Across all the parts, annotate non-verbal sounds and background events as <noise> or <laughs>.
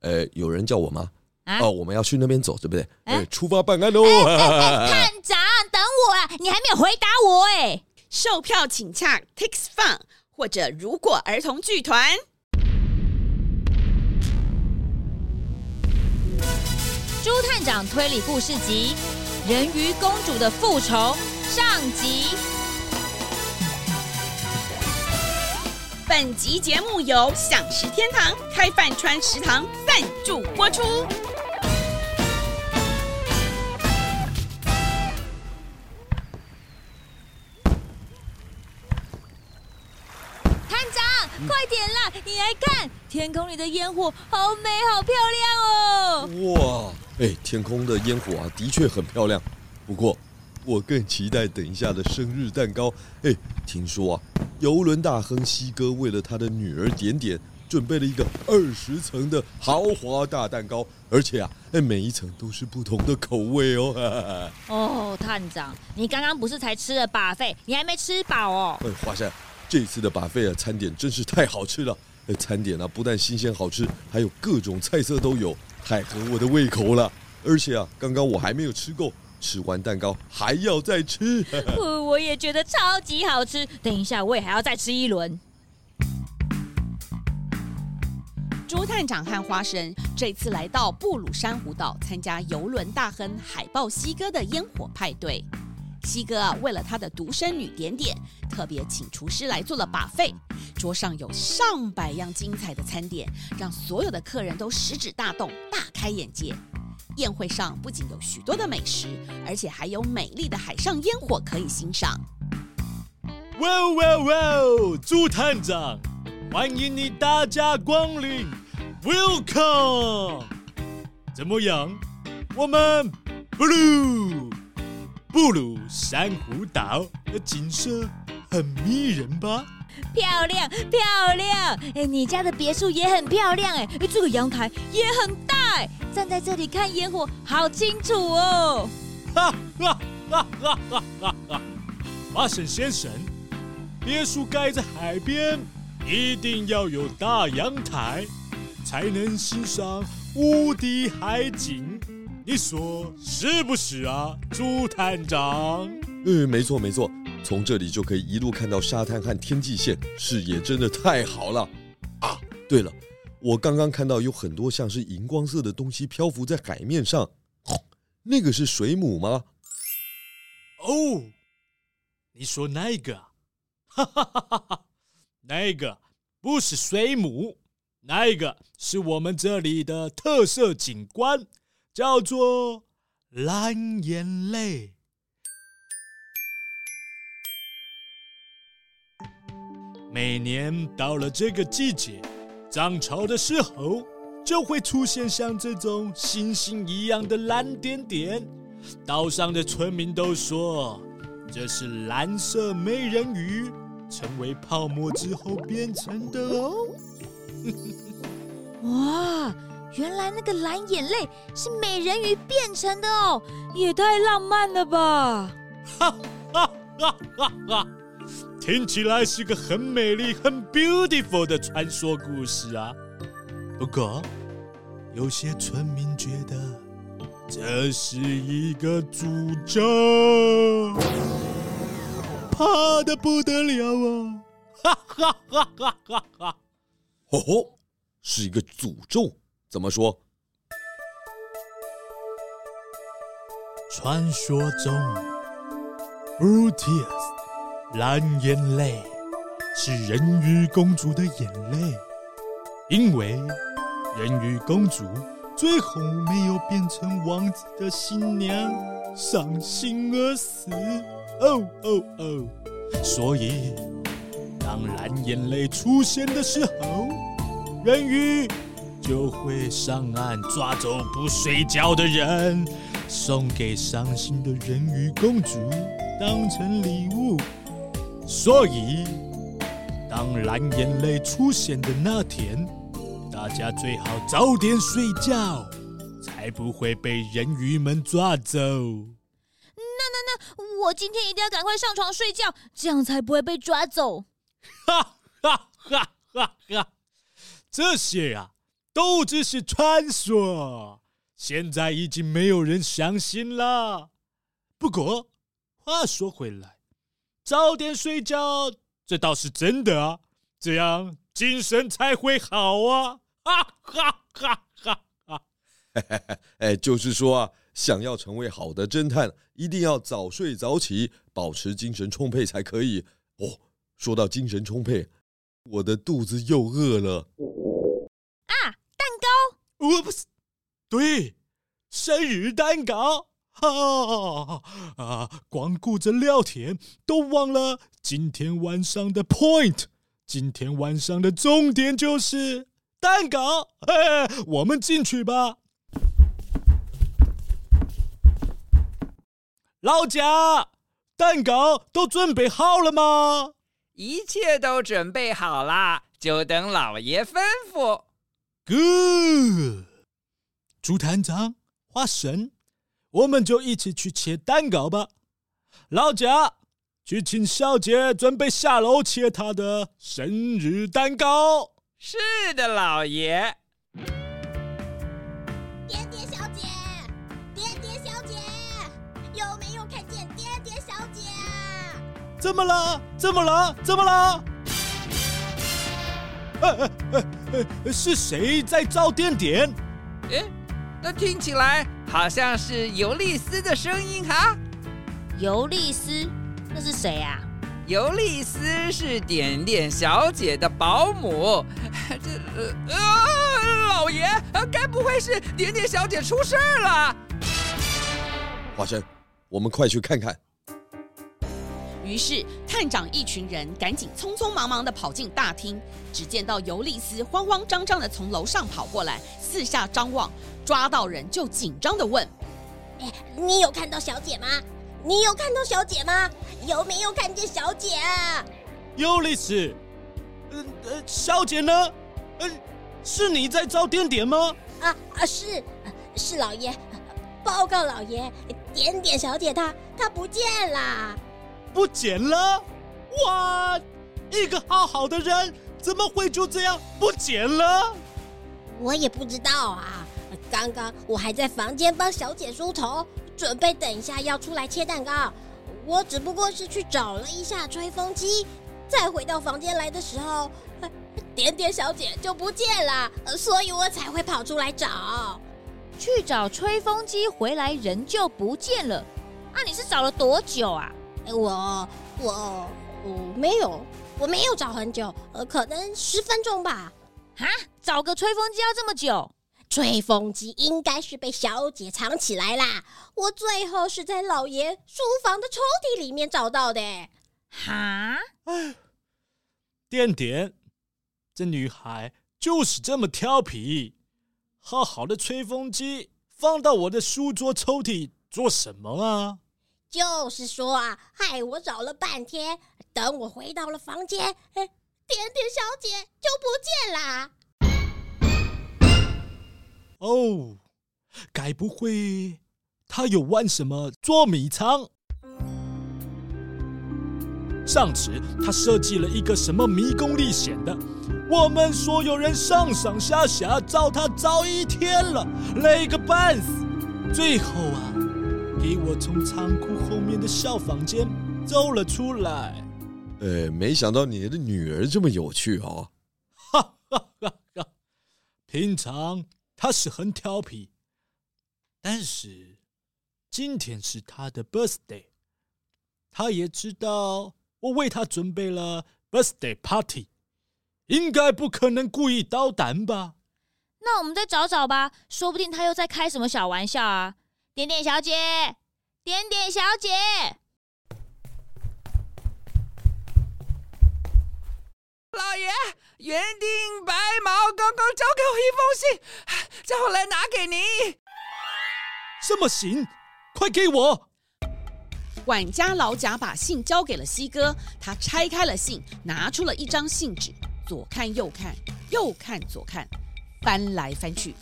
呃，有人叫我嗎？啊，哦，我們要去那邊走，對不對？哎、啊呃，出發辦案嘍、欸欸欸！探長，等我啊，你還沒有回答我哎、欸。售票請洽 Tix Fun，或者如果兒童劇團。豬探長推理故事集《人魚公主的復仇》上集。本集節目由“饗食天堂”開飯川食堂贊助播出。探長，快點啦！你來看，天空裡的煙火好美，好漂亮哦！哇，哎，天空的煙火啊，的確很漂亮。不過，我更期待等一下的生日蛋糕。哎，聽說啊。遊輪大亨西哥為了他的女兒點點，準備了一個二十層的豪華大蛋糕，而且啊，哎，每一層都是不同的口味哦。哦，oh, 探長，你剛剛不是才吃了巴菲？你還沒吃飽哦。哎，華生，這次的巴菲啊，餐點真是太好吃了。餐點呢、啊，不但新鮮好吃，還有各種菜色都有，太合我的胃口了。而且啊，剛剛我還沒有吃夠。吃完蛋糕還要再吃， <laughs> 我也覺得超級好吃。等一下我也還要再吃一輪。豬探長和花生這次來到布魯珊瑚島參加郵輪大亨海豹西哥的煙火派對。西哥、啊、為了他的獨生女點點，特別請廚師來做了 buffet。桌上有上百樣精彩的餐點，讓所有的客人都食指大動，大開眼界。宴會上不僅有許多的美食，而且還有美麗的海上煙火可以欣賞。哇哇哇！豬探長，歡迎你大駕光臨，Welcome！怎麼樣？我們布魯布魯珊瑚島的景色很迷人吧？漂亮漂亮！哎，你家的別墅也很漂亮哎，這個陽台也很大。站在這裡看煙火，好清楚哦！哈、啊！哈、啊！哈、啊！哈、啊！哈、啊！哈、啊！馬神先生，別墅蓋在海邊，一定要有大陽台，才能欣賞無敵海景。你說是不是啊，豬探長？嗯，沒錯沒錯，從這裡就可以一路看到沙灘和天際線，視野真的太好了。啊，對了。我剛剛看到有很多像是熒光色的東西漂浮在海面上，那個是水母嗎？哦，你說那個？哈哈哈哈！那個不是水母，那個是我們這裡的特色景觀，叫做藍眼淚。每年到了這個季節，漲潮的時候，就會出現像這種星星一樣的藍點點。島上的村民都說，這是藍色美人魚成為泡沫之後變成的哦。 <laughs> 哇，原來那個藍眼淚是美人魚變成的哦，也太浪漫了吧！哈哈哈哈哈。啊啊啊啊聽起來是個很美麗、很 beautiful 的傳說故事啊。不過，有些村民覺得這是一個詛咒，怕的不得了哦、啊！哈哈哈哈哈哈！哦吼，是一個詛咒，怎麼說？傳說中，布魯提斯藍眼淚是人魚公主的眼淚，因為人魚公主最後沒有變成王子的新娘，傷心而死。哦哦哦哦！所以當藍眼淚出現的時候，人魚就會上岸抓走不睡覺的人，送給傷心的人魚公主當成禮物。所以，當藍眼淚出現的那天，大家最好早點睡覺，才不會被人魚們抓走。那、那、那，我今天一定要趕快上床睡覺，這樣才不會被抓走。哈哈哈！哈哈，這些啊，都只是傳說，現在已經沒有人相信了。不過，話說回來。早點睡覺，這倒是真的啊，這樣精神才會好啊！啊哈哈哈哈哈！哎，就是說啊，想要成為好的偵探，一定要早睡早起，保持精神充沛才可以。哦，說到精神充沛，我的肚子又餓了啊！蛋糕我不是，Oops，對，生日蛋糕。哈啊！光顧着聊天，都忘了今天晚上的 point。今天晚上的重點就是蛋糕。嘿，我們進去吧。老賈，蛋糕都準備好了嗎？一切都準備好了，就等老爺吩咐。Good，豬探長，花神。我們就一起去切蛋糕吧。老賈，去請小姐準備下樓切她的生日蛋糕。是的，老爺。點點小姐，點點小姐，有沒有看見點點小姐？怎麼了？怎麼了？怎麼了、啊啊啊啊？是誰在找點點？哎，那聽起來。好像是尤利斯的聲音哈，尤利斯，那是誰呀？啊？尤利斯是點點小姐的保姆，這呃呃，老爺，該不會是點點小姐出事了？華生，我們快去看看。於是，探長一群人趕緊匆匆忙忙的跑進大廳，只見到尤利斯慌慌張張的從樓上跑過來，四下張望，抓到人就緊張的問：“哎，你有看到小姐嗎？你有看到小姐嗎？有沒有看見小姐啊？”尤利斯，嗯，呃呃，小姐呢？呃，是你在找點點嗎？啊啊，是，是老爺，報告老爺，點點小姐她她不見啦。不見了！哇，一個好好的人，怎麼會就這樣不見了？我也不知道啊。剛剛我還在房間幫小姐梳頭，準備等一下要出來切蛋糕。我只不過是去找了一下吹風機，再回到房間來的時候，點點小姐就不見了，所以我才會跑出來找。去找吹風機回來，人就不見了。那，啊，你是找了多久啊？我我我沒有，我沒有找很久，呃，可能十分鐘吧。哈，找個吹風機要這麼久？吹風機應該是被小姐藏起來啦。我最後是在老爺書房的抽屜裡面找到的。哈，哎，點點，這女孩就是這麼調皮。好好的吹風機放到我的書桌抽屜做什麼啊？就是說啊，害我找了半天。等我回到了房間，哎、點點小姐就不見了。哦，該不會他有玩什麼捉迷藏？上次他設計了一個什麼迷宮歷險的，我們所有人上上下下找他找一天了，累個半死。最後啊。給我從倉庫後面的小房間走了出來。呃，沒想到你的女兒這麼有趣啊！哦！哈 <laughs> 平常她是很調皮，但是今天是她的 birthday，她也知道我為她準備了 birthday party，應該不可能故意搗蛋吧？那我們再找找吧，說不定她又在開什麼小玩笑啊！點點小姐，點點小姐，老爺，園丁白毛剛剛交給我一封信，叫我來拿給您。什麼信？快給我！管家老賈把信交給了西哥，他拆開了信，拿出了一張信紙，左看右看，右看左看，翻來翻去。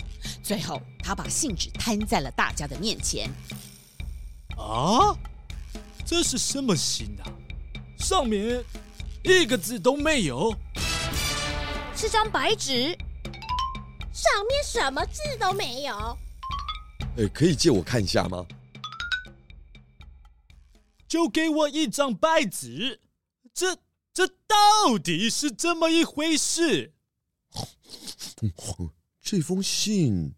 最後，他把信紙攤在了大家的面前。啊，這是什麼信啊？上面一個字都沒有，是張白紙，上面什麼字都沒有。哎，可以借我看一下嗎？就給我一張白紙，這這到底是怎麼一回事？ <laughs> 這封信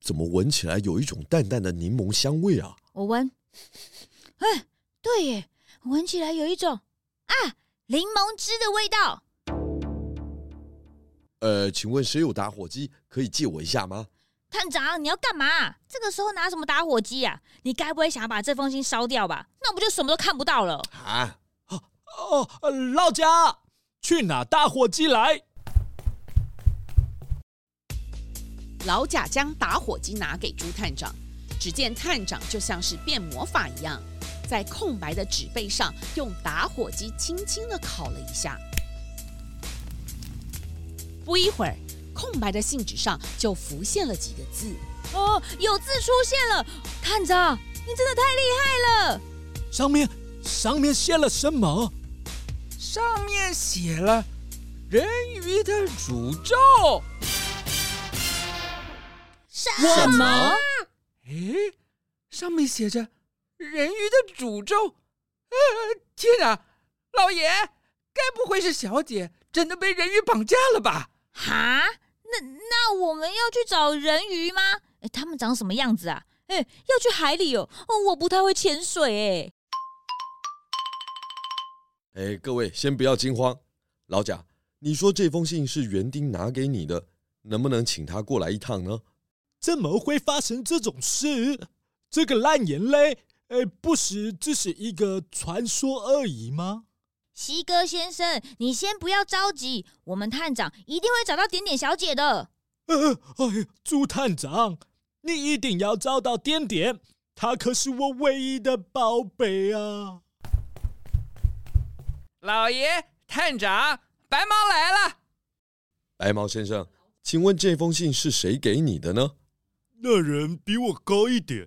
怎麼聞起來有一種淡淡的檸檬香味啊？我聞，哎，對耶，聞起來有一種啊，檸檬汁的味道。呃，請問誰有打火機可以借我一下嗎？探長，你要幹嘛？這個時候拿什麼打火機啊？你該不會想要把這封信燒掉吧？那我不就什麼都看不到了？啊哦哦，老家。去拿打火機來。老賈將打火機拿給豬探長，只見探長就像是變魔法一樣，在空白的紙背上用打火機輕輕的烤了一下。不一會兒，空白的信紙上就浮現了幾個字。哦，有字出現了！探長，你真的太厲害了！上面，上面寫了什麼？上面寫了“人魚的詛咒”。什麼？哎，上面寫着“人魚的詛咒”。呃，天啊，老爺，該不會是小姐真的被人魚綁架了吧？哈，那那我們要去找人魚嗎？哎，他們長什麼樣子啊？哎，要去海裡哦。哦，我不太會潛水哎。哎，各位先不要驚慌。老賈，你說這封信是園丁拿給你的，能不能請他過來一趟呢？怎麼會發生這種事？這個藍眼淚，呃、哎，不是只是一個傳說而已嗎？西哥先生，你先不要着急，我們探長一定會找到點點小姐的。呃、哎，哎呀，豬探長，你一定要找到點點，她可是我唯一的寶貝啊！老爺，探長，白毛來了。白毛先生，請問這封信是誰給你的呢？那人比我高一點，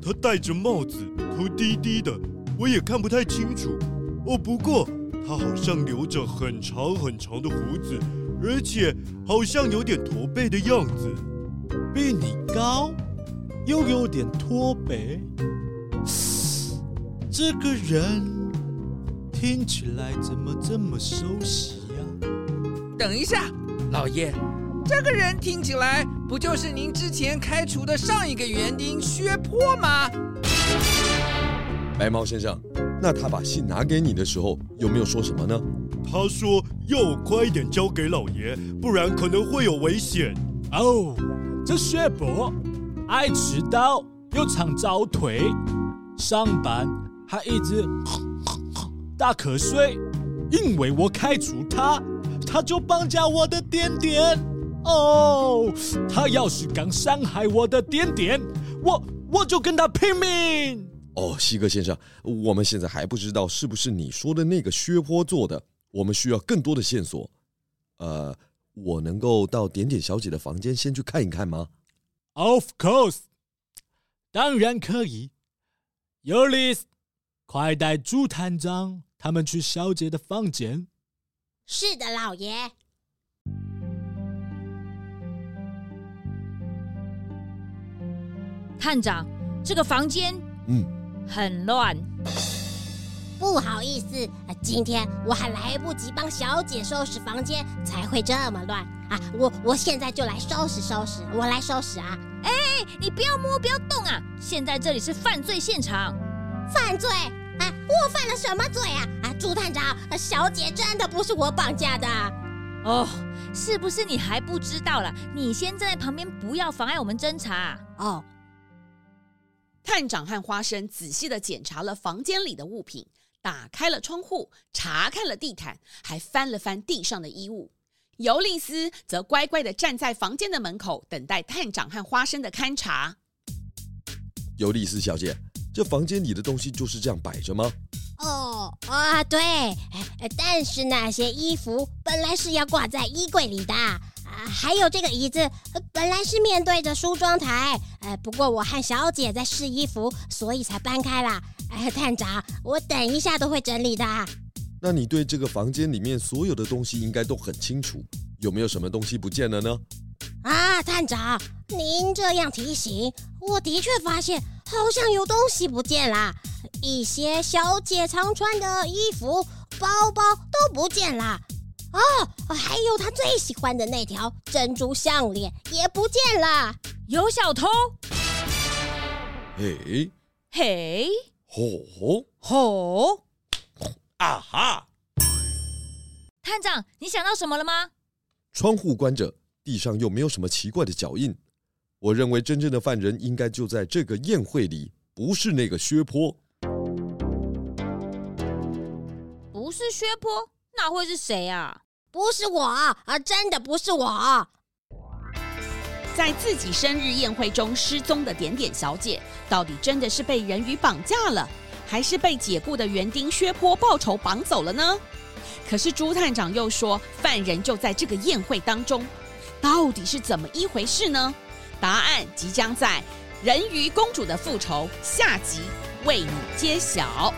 他戴着帽子，頭低低的，我也看不太清楚。哦，不過他好像留着很長很長的鬍子，而且好像有點駝背的樣子。比你高，又有點駝背，嘶，這個人聽起來怎麼這麼熟悉呀？等一下，老爺。這個人聽起來不就是您之前開除的上一個園丁薛破嗎？白毛先生，那他把信拿給你的時候有沒有說什麼呢？他說要我快一點交給老爺，不然可能會有危險。哦，這薛破愛遲到又常早退，上班還一直打瞌睡。因為我開除他，他就綁架我的點點。哦、oh,，他要是敢傷害我的點點，我我就跟他拼命！哦、oh,，西格先生，我們現在還不知道是不是你說的那個薛坡做的，我們需要更多的線索。呃、uh,，我能夠到點點小姐的房間先去看一看嗎？Of course，當然可以。Ulis，快帶豬探長他們去小姐的房間。是的，老爺。探長，這個房間嗯，很亂嗯，不好意思，今天我還來不及幫小姐收拾房間，才會這麼亂啊！我我現在就來收拾收拾，我來收拾啊！哎，你不要摸，不要動啊！現在這裡是犯罪現場，犯罪啊！我犯了什麼罪啊？啊，豬探長，小姐真的不是我綁架的哦，是不是？你還不知道了？你先站在旁邊，不要妨礙我們偵查、啊、哦。探長和花生仔細地檢查了房間裡的物品，打開了窗戶，查看了地毯，還翻了翻地上的衣物。尤利斯則乖乖地站在房間的門口，等待探長和花生的勘察。尤利斯小姐，這房間裡的東西就是這樣擺着嗎？哦，啊，對。但是那些衣服本來是要掛在衣櫃裡的。呃、還有這個椅子，呃，本來是面對着梳妝台，哎、呃，不過我和小姐在試衣服，所以才搬開了。哎、呃，探長，我等一下都會整理的。那你對這個房間裡面所有的東西應該都很清楚，有沒有什麼東西不見了呢？啊，探長，您這樣提醒，我的確發現好像有東西不見了，一些小姐常穿的衣服、包包都不見啦。哦，還有他最喜歡的那條珍珠項鏈也不見啦。有小偷？誒，嘿，吼吼吼，啊哈！探長，你想到什麼了嗎？窗戶關着，地上又沒有什麼奇怪的腳印，我認為真正的犯人應該就在這個宴會裡，不是那個薛坡，不是薛坡，那會是誰啊？不是我啊，真的不是我。在自己生日宴會中失蹤的點點小姐，到底真的是被人魚綁架了，還是被解雇的園丁薛坡報仇綁走了呢？可是豬探長又說，犯人就在這個宴會當中，到底是怎麼一回事呢？答案即將在《人魚公主的復仇》下集為你揭曉。